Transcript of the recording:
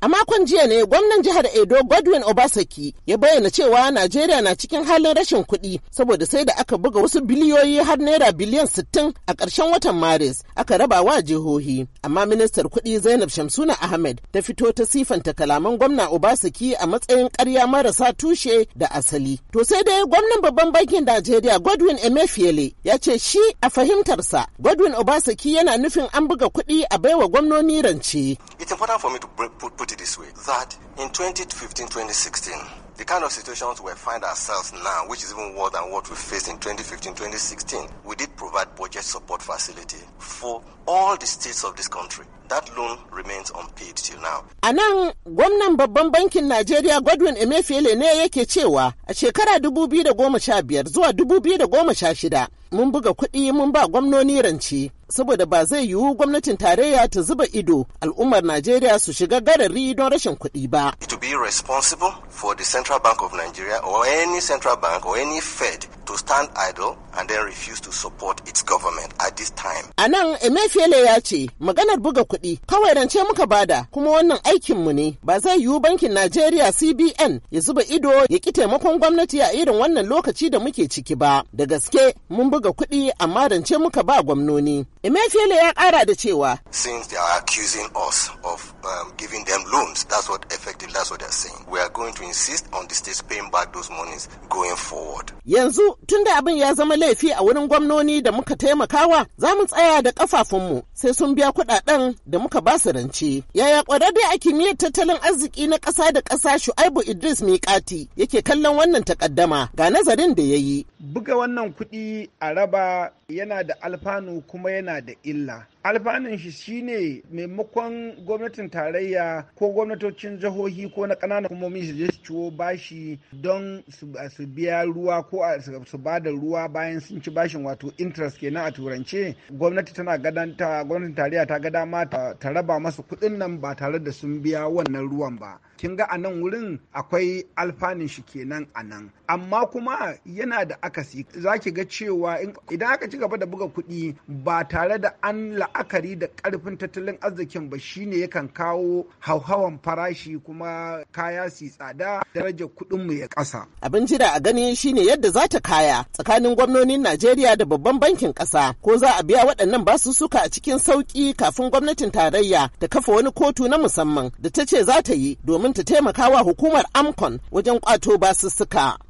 A makon jiya ne gwamnan jihar Edo Godwin Obasaki, ya bayyana cewa Najeriya na cikin halin rashin kuɗi saboda sai da aka buga wasu biliyoyi har naira biliyan 60 a ƙarshen watan Maris aka raba wa jihohi. Amma ministar kuɗi Zainab Shamsuna Ahmed ta fito ta sifanta kalaman gwamna Obasaki a matsayin ƙarya marasa tushe da asali. To sai dai gwamnan babban bankin Najeriya Godwin Emefiele ya ce shi a fahimtarsa Godwin Obasaki yana nufin an buga kuɗi a baiwa gwamnoni rance. It's important for me to put it this way that in 2015, 2016, the kind of situations we find ourselves now, which is even worse than what we faced in 2015, 2016, we did provide budget support facility for all the states of this country. That loan remains unpaid till now. A nan gwamnan babban bankin Najeriya Godwin Emefiele ne yake cewa a shekara 2015 zuwa 2016 mun buga kuɗi mun ba gwamnoni rance saboda ba zai yiwu gwamnatin tarayya ta zuba ido al'ummar Najeriya su shiga garari don rashin kuɗi ba. To be responsible for the Central Bank of Nigeria or any Central Bank or any Fed to stand idle and then refuse to support its government at this time. A nan Emefiele ya ce maganar buga kuɗi kawai rance muka bada kuma wannan aikin mu ne ba zai yiwu bankin Najeriya CBN ya zuba ido ya ki taimakon gwamnati a irin wannan lokaci da muke ciki ba. Da gaske mun buga kuɗi amma rance muka ba gwamnoni. Emefiele ya ƙara da cewa. Since they are accusing us of um, giving them loans, that's what effective, that's what they're saying. We are going to insist on the states paying back those monies going forward. Yanzu tunda abin ya zama laifi a wurin gwamnoni da muka taimakawa za mu tsaya da kafafunmu sai sun biya kuɗaɗen da muka ba su rance. Yaya ƙwararre a kimiyyar tattalin arziki na ƙasa da ƙasa Shu'aibu Idris Miƙati yake kallon wannan takaddama ga nazarin da ya yi. buga wannan kuɗi a raba yana da alfanu kuma yana da illa alfanun shi shine maimakon gwamnatin tarayya ko gwamnatocin jihohi ko na ƙananan hukumomi su je su ciwo bashi don su biya ruwa ko su ba da ruwa bayan sun ci bashin wato interest kenan a turance gwamnati tana gadanta gwamnatin tarayya ta ga dama ta raba masu kuɗin nan ba tare da sun biya wannan ruwan ba kin ga a nan wurin akwai alfanun shi kenan a nan amma kuma yana da akasi za ki ga cewa idan aka ci gaba da buga kuɗi ba tare da an la'akari da ƙarfin tattalin arzikin ba shine yakan kawo hauhawan farashi kuma kaya su tsada daraja kuɗin mu ya ƙasa. Abin jira a gani shine yadda za ta kaya tsakanin gwamnonin Najeriya da babban bankin ƙasa ko za a biya waɗannan suka a cikin sauƙi kafin gwamnatin tarayya ta kafa wani kotu na musamman da ta ce za ta yi domin ta taimaka wa hukumar Amcon wajen ƙwato basussuka.